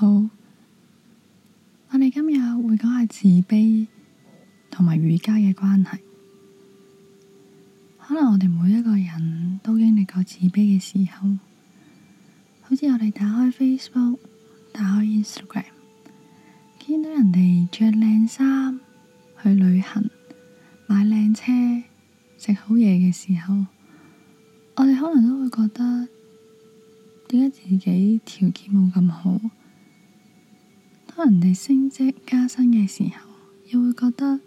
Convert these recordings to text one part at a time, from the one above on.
好，我哋今日會講下自卑同埋瑜伽嘅關係。可能我哋每一個人都經歷過自卑嘅時候，好似我哋打開 Facebook、打開 Instagram，見到人哋着靚衫、去旅行、買靚車、食好嘢嘅時候，我哋可能都會覺得點解自己條件冇咁好？當人哋升職加薪嘅時候，又會覺得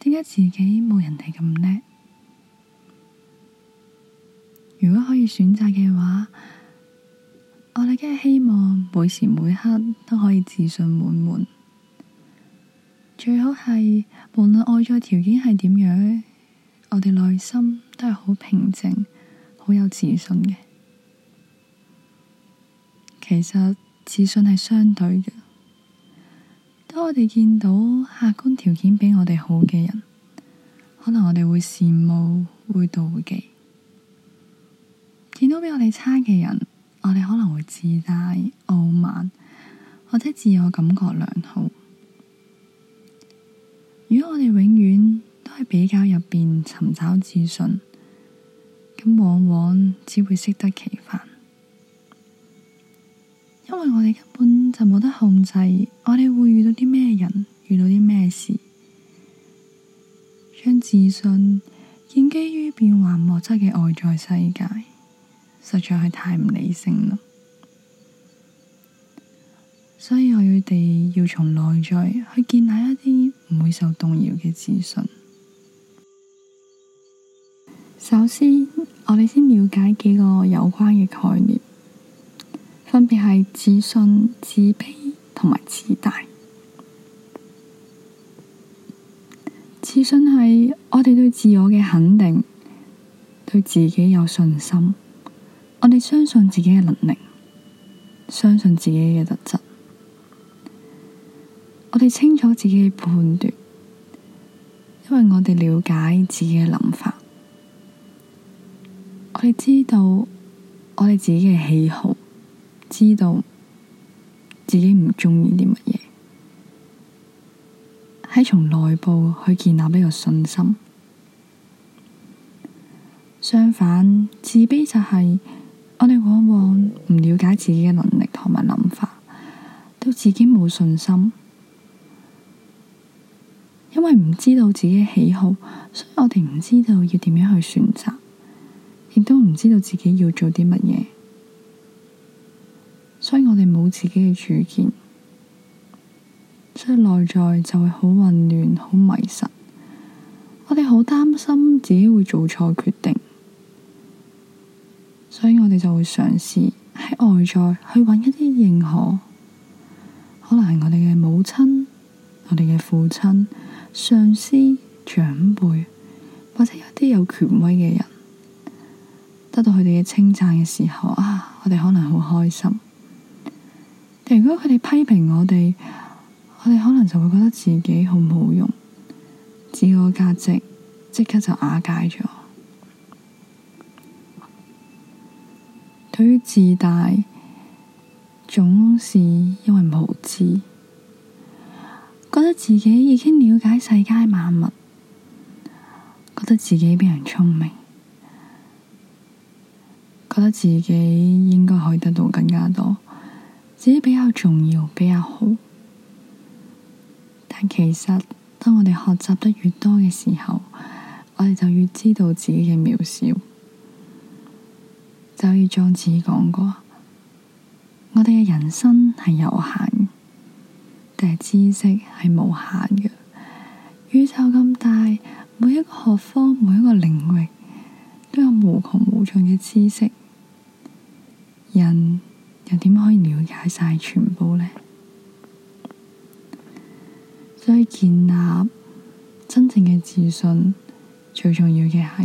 點解自己冇人哋咁叻？如果可以選擇嘅話，我哋梗係希望每時每刻都可以自信滿滿，最好係無論外在條件係點樣，我哋內心都係好平靜、好有自信嘅。其實。自信係相對嘅，當我哋見到客觀條件比我哋好嘅人，可能我哋會羨慕，會妒忌；見到比我哋差嘅人，我哋可能會自大、傲慢，或者自我感覺良好。如果我哋永遠都喺比較入邊尋找自信，咁往往只會適得其反。我哋根本就冇得控制，我哋會遇到啲咩人，遇到啲咩事，將自信建基於變幻莫測嘅外在世界，實在係太唔理性啦。所以我哋要從內在去建立一啲唔會受動搖嘅自信。首先，我哋先了解幾個有關嘅概念。分別係自信、自卑同埋自大。自信係我哋對自我嘅肯定，對自己有信心，我哋相信自己嘅能力，相信自己嘅特質，我哋清楚自己嘅判斷，因為我哋了解自己嘅諗法，我哋知道我哋自己嘅喜好。知道自己唔中意啲乜嘢，喺從內部去建立呢個信心。相反，自卑就係我哋往往唔了解自己嘅能力同埋諗法，對自己冇信心。因為唔知道自己嘅喜好，所以我哋唔知道要點樣去選擇，亦都唔知道自己要做啲乜嘢。所以我哋冇自己嘅主見，所以內在就會好混亂、好迷失。我哋好擔心自己會做錯決定，所以我哋就會嘗試喺外在去搵一啲認可，可能係我哋嘅母親、我哋嘅父親、上司、長輩，或者一啲有權威嘅人，得到佢哋嘅稱讚嘅時候啊，我哋可能好開心。如果佢哋批評我哋，我哋可能就會覺得自己好冇用，自我價值即刻就瓦解咗。對於自大，總是因為無知，覺得自己已經了解世間萬物，覺得自己比人聰明，覺得自己應該可以得到更加多。自己比較重要，比較好。但其實，當我哋學習得越多嘅時候，我哋就越知道自己嘅渺小。就如莊子講過，我哋嘅人生係有限，但係知識係無限嘅。宇宙咁大，每一個學科、每一個領域都有無窮無盡嘅知識。人，又點可以了解晒全部呢？所以建立真正嘅自信，最重要嘅係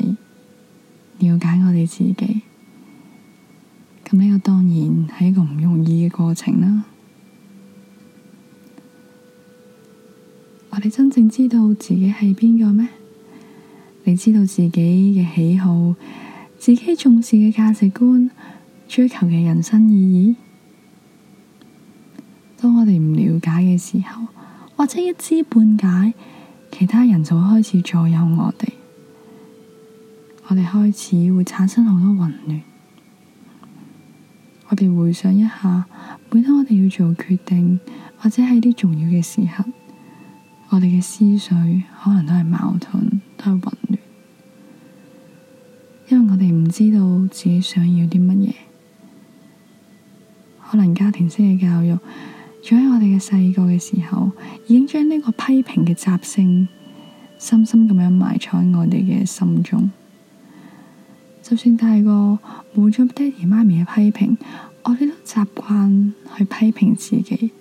了解我哋自己。咁呢個當然係一個唔容易嘅過程啦。我哋真正知道自己係邊個咩？你知道自己嘅喜好，自己重視嘅價值觀。追求嘅人生意義，當我哋唔了解嘅時候，或者一知半解，其他人就會開始左右我哋，我哋開始會產生好多混亂。我哋回想一下，每當我哋要做決定，或者喺啲重要嘅時刻，我哋嘅思緒可能都係矛盾，都係混亂，因為我哋唔知道自己想要啲乜嘢。可能家庭式嘅教育，仲喺我哋嘅細個嘅時候，已經將呢個批評嘅習性深深咁樣埋藏喺我哋嘅心中。就算大個冇咗爹哋媽咪嘅批評，我哋都習慣去批評自己，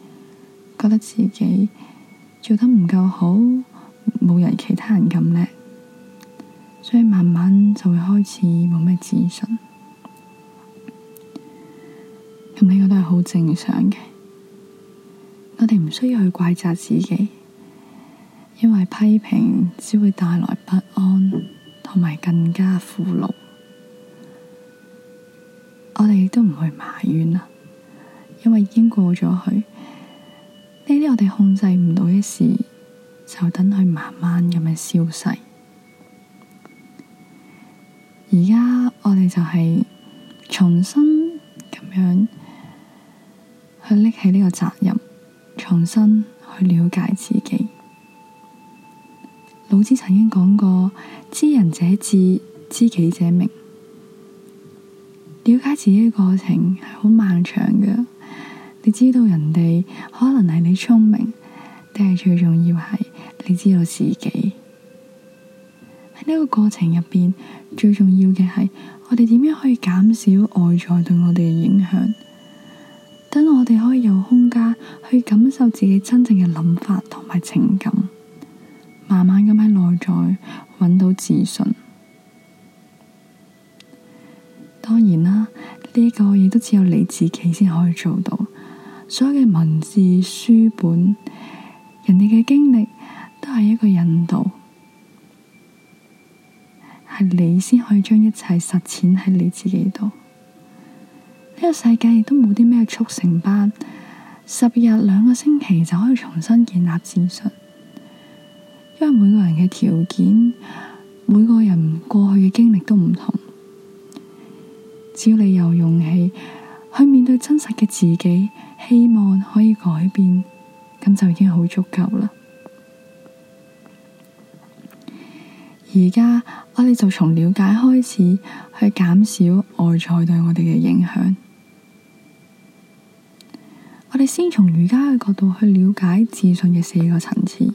覺得自己做得唔夠好，冇人其他人咁叻，所以慢慢就會開始冇咩自信。呢個都係好正常嘅，我哋唔需要去怪責自己，因為批評只會帶來不安同埋更加苦惱。我哋亦都唔去埋怨啦，因為已經過咗去。呢啲我哋控制唔到嘅事，就等佢慢慢咁樣消逝。而家我哋就係重新咁樣。拎起呢個責任，重新去了解自己。老子曾經講過：知人者智，知己者明。了解自己嘅過程係好漫長嘅。你知道人哋可能係你聰明，但係最重要係你知道自己。喺呢個過程入邊，最重要嘅係我哋點樣可以減少外在對我哋嘅影響。等我哋可以有空間去感受自己真正嘅諗法同埋情感，慢慢咁喺內在搵到自信。當然啦，呢個亦都只有你自己先可以做到。所有嘅文字書本，人哋嘅經歷都係一個引導，係你先可以將一切實踐喺你自己度。呢個世界亦都冇啲咩速成班，十日兩個星期就可以重新建立自信。因為每個人嘅條件，每個人過去嘅經歷都唔同。只要你有勇氣去面對真實嘅自己，希望可以改變，咁就已經好足夠啦。而家我哋就從了解開始，去減少外在對我哋嘅影響。我哋先從瑜伽嘅角度去了解自信嘅四個層次。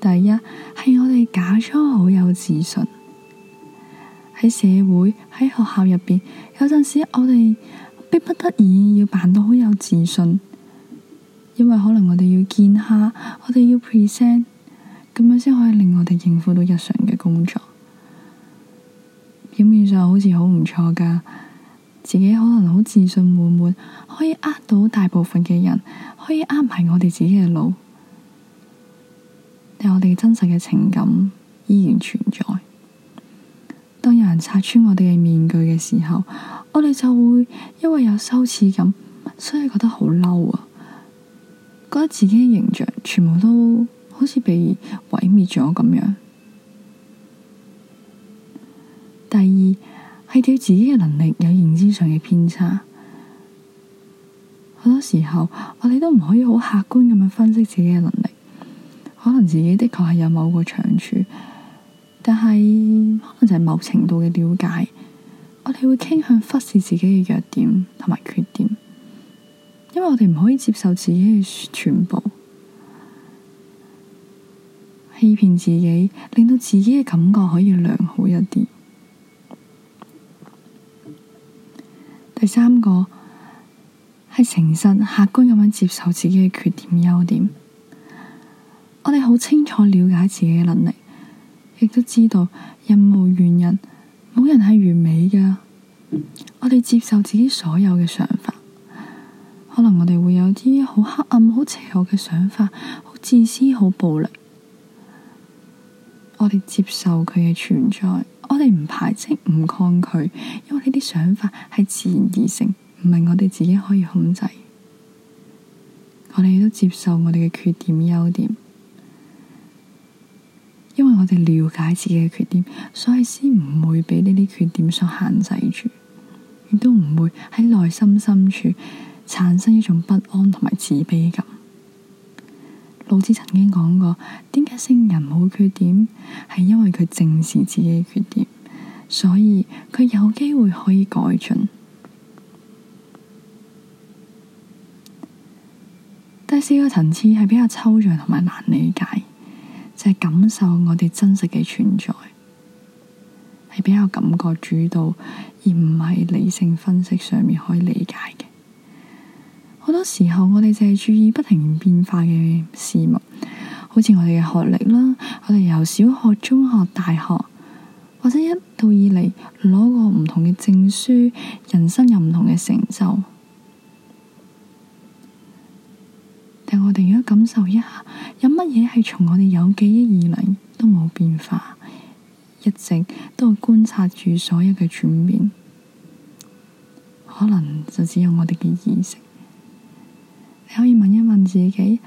第一，係我哋假裝好有自信，喺社會、喺學校入邊，有陣時我哋逼不得已要扮到好有自信，因為可能我哋要見下，我哋要 present，咁樣先可以令我哋應付到日常嘅工作。表面上好似好唔錯噶。自己可能好自信滿滿，可以呃到大部分嘅人，可以呃埋我哋自己嘅路，但我哋真實嘅情感依然存在。當有人拆穿我哋嘅面具嘅時候，我哋就會因為有羞恥感，所以覺得好嬲啊，覺得自己嘅形象全部都好似被毀滅咗咁樣。第二。係對自己嘅能力有認知上嘅偏差，好多時候我哋都唔可以好客觀咁樣分析自己嘅能力。可能自己的確係有某個長處，但係可能就係某程度嘅了解，我哋會傾向忽視自己嘅弱點同埋缺點，因為我哋唔可以接受自己嘅全部，欺騙自己，令到自己嘅感覺可以良好一啲。第三個係誠實客觀咁樣接受自己嘅缺點、優點，我哋好清楚了解自己嘅能力，亦都知道人無完人，冇人係完美㗎。我哋接受自己所有嘅想法，可能我哋會有啲好黑暗、好邪惡嘅想法，好自私、好暴力。我哋接受佢嘅存在。即係唔排斥，唔抗拒，因為呢啲想法係自然而成，唔係我哋自己可以控制。我哋都接受我哋嘅缺點、優點，因為我哋了解自己嘅缺點，所以先唔會俾呢啲缺點所限制住，亦都唔會喺內心深處產生一種不安同埋自卑感。老子曾經講過，點解聖人冇缺點？係因為佢正視自己嘅缺點。所以，佢有機會可以改進。第四個層次係比較抽象同埋難理解，就係感受我哋真實嘅存在，係比較感覺主導，而唔係理性分析上面可以理解嘅。好多時候我哋淨係注意不停變化嘅事物，好似我哋嘅學歷啦，我哋由小學、中學、大學。或者一度以嚟攞過唔同嘅證書，人生有唔同嘅成就。但我哋如果感受一下，有乜嘢係從我哋有記憶以嚟都冇變化，一直都觀察住所有嘅轉變，可能就只有我哋嘅意識。你可以問一問自己：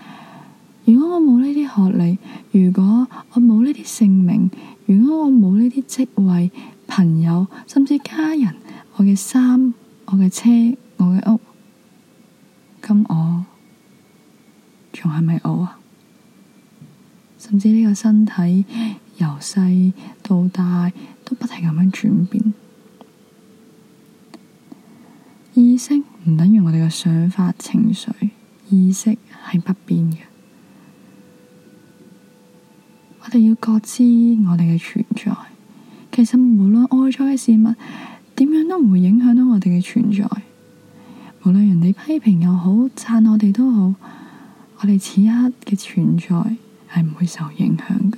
如果我冇呢啲學歷，如果我冇呢啲姓名？如果我冇呢啲職位、朋友，甚至家人，我嘅衫、我嘅車、我嘅屋，咁我仲係咪我？啊？甚至呢個身體由細到大都不停咁樣轉變，意識唔等於我哋嘅想法、情緒，意識係不變嘅。我哋要覺知我哋嘅存在，其實無論外在嘅事物點樣都唔會影響到我哋嘅存在。無論人哋批評又好，贊我哋都好，我哋此刻嘅存在係唔會受影響嘅。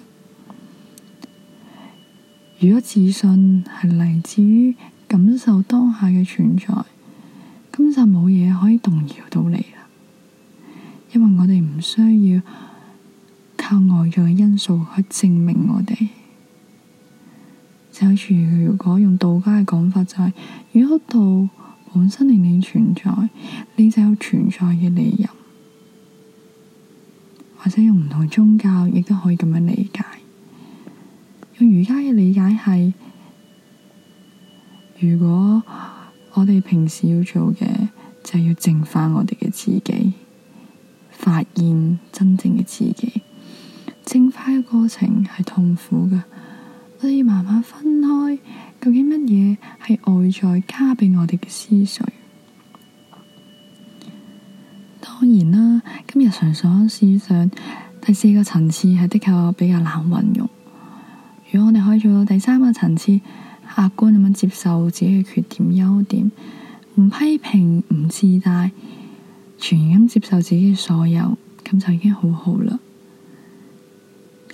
如果自信係嚟自於感受當下嘅存在，咁就冇嘢可以動搖到你啦。因為我哋唔需要。靠外在嘅因素去證明我哋。就好似如果用道家嘅講法，就是，就係如果道本身令你存在，你就有存在嘅理由。或者用唔同宗教亦都可以咁樣理解。用儒家嘅理解係，如果我哋平時要做嘅，就係、是、要淨化我哋嘅自己，發現真正嘅自己。淨化嘅過程係痛苦嘅，我哋要慢慢分開，究竟乜嘢係外在加畀我哋嘅思想？當然啦，今日常上試想，第四個層次係的確比較難運用。如果我哋可以做到第三個層次，客觀咁樣接受自己嘅缺點、優點，唔批評、唔自大，全然咁接受自己嘅所有，咁就已經好好啦。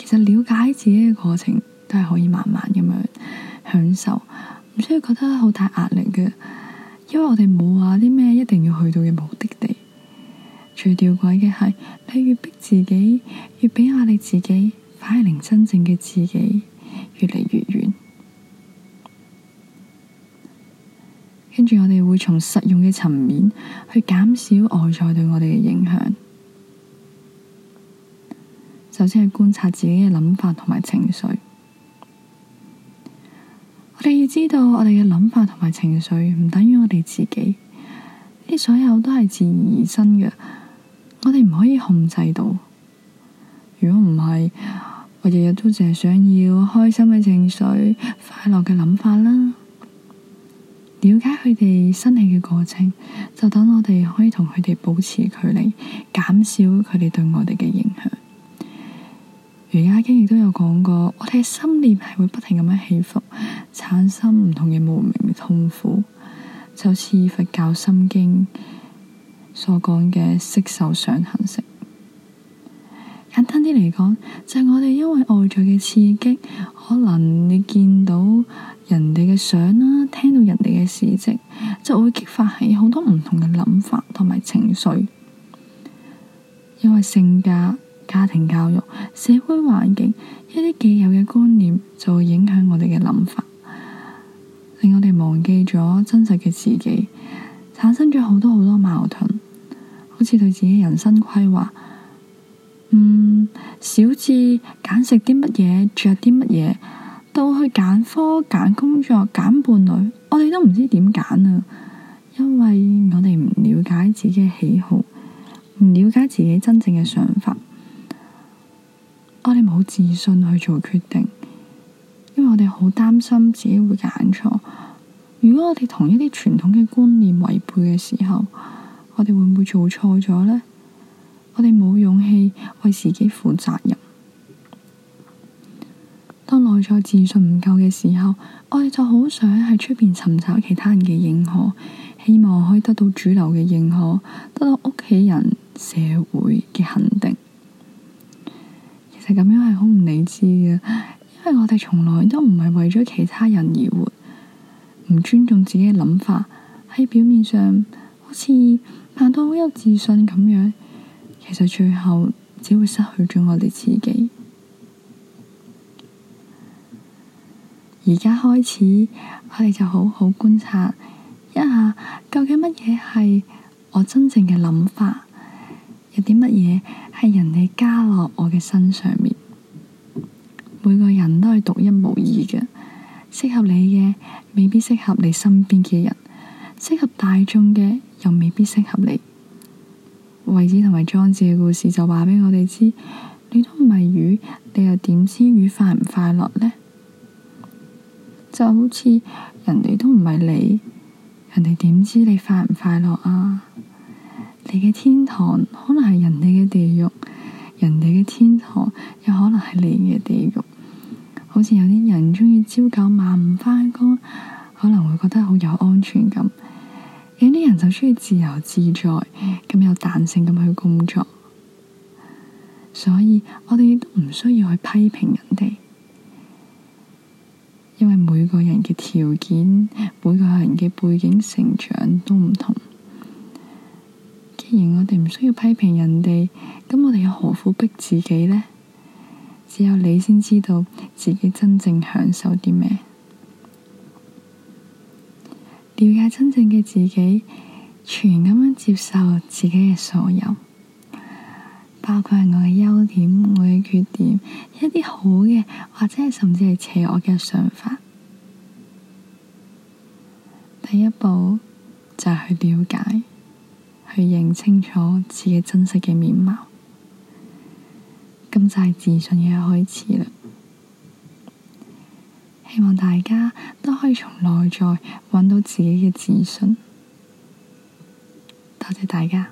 其實了解自己嘅過程都係可以慢慢咁樣享受，唔需要覺得好大壓力嘅。因為我哋冇話啲咩一定要去到嘅目的地。最吊詭嘅係，你越逼自己，越畀壓力自己，反而令真正嘅自己越嚟越遠。跟住我哋會從實用嘅層面去減少外在對我哋嘅影響。首先係觀察自己嘅諗法同埋情緒，我哋要知道我哋嘅諗法同埋情緒唔等於我哋自己，啲所有都係自然而生嘅，我哋唔可以控制到。如果唔係，我日日都淨係想要開心嘅情緒、快樂嘅諗法啦。了解佢哋生起嘅過程，就等我哋可以同佢哋保持距離，減少佢哋對我哋嘅影響。瑜伽經亦都有講過，我哋嘅心念係會不停咁樣起伏，產生唔同嘅無名嘅痛苦。就似佛教心經所講嘅色受想行識。簡單啲嚟講，就係、是、我哋因為外在嘅刺激，可能你見到人哋嘅相啦，聽到人哋嘅事跡，就會激發起好多唔同嘅諗法同埋情緒，因為性格。家庭教育、社會環境一啲既有嘅觀念，就會影響我哋嘅諗法，令我哋忘記咗真實嘅自己，產生咗好多好多矛盾。好似對自己人生規劃，嗯，小至揀食啲乜嘢，着啲乜嘢，到去揀科、揀工作、揀伴侶，我哋都唔知點揀啊！因為我哋唔了解自己嘅喜好，唔了解自己真正嘅想法。我哋冇自信去做決定，因為我哋好擔心自己會揀錯。如果我哋同一啲傳統嘅觀念違背嘅時候，我哋會唔會做錯咗呢？我哋冇勇氣為自己負責任。當內在自信唔夠嘅時候，我哋就好想喺出邊尋找其他人嘅認可，希望可以得到主流嘅認可，得到屋企人、社會嘅肯定。就咁樣係好唔理智嘅，因為我哋從來都唔係為咗其他人而活，唔尊重自己嘅諗法，喺表面上好似扮到好有自信咁樣，其實最後只會失去咗我哋自己。而家開始，我哋就好好觀察一下，究竟乜嘢係我真正嘅諗法？有啲乜嘢係人哋加落我嘅身上面？每個人都係獨一無二嘅，適合你嘅未必適合你身邊嘅人，適合大眾嘅又未必適合你。惠子同埋莊子嘅故事就話畀我哋知，你都唔係魚，你又點知魚快唔快樂呢？就好似人哋都唔係你，人哋點知你快唔快樂啊？你嘅天堂可能係人哋嘅地獄，人哋嘅天堂有可能係你嘅地獄。好似有啲人鍾意朝九晚五翻工，可能會覺得好有安全感；有啲人就鍾意自由自在，咁有彈性咁去工作。所以我哋都唔需要去批評人哋，因為每個人嘅條件，每個人嘅背景、成長都唔同。既然我哋唔需要批評人哋，咁我哋又何苦逼自己呢？只有你先知道自己真正享受啲咩，了解真正嘅自己，全咁樣接受自己嘅所有，包括係我嘅優點、我嘅缺點、一啲好嘅，或者係甚至係邪惡嘅想法。第一步就係、是、去了解。去認清楚自己真實嘅面貌，咁就係自信嘅開始喇。希望大家都可以從內在搵到自己嘅自信。多謝大家。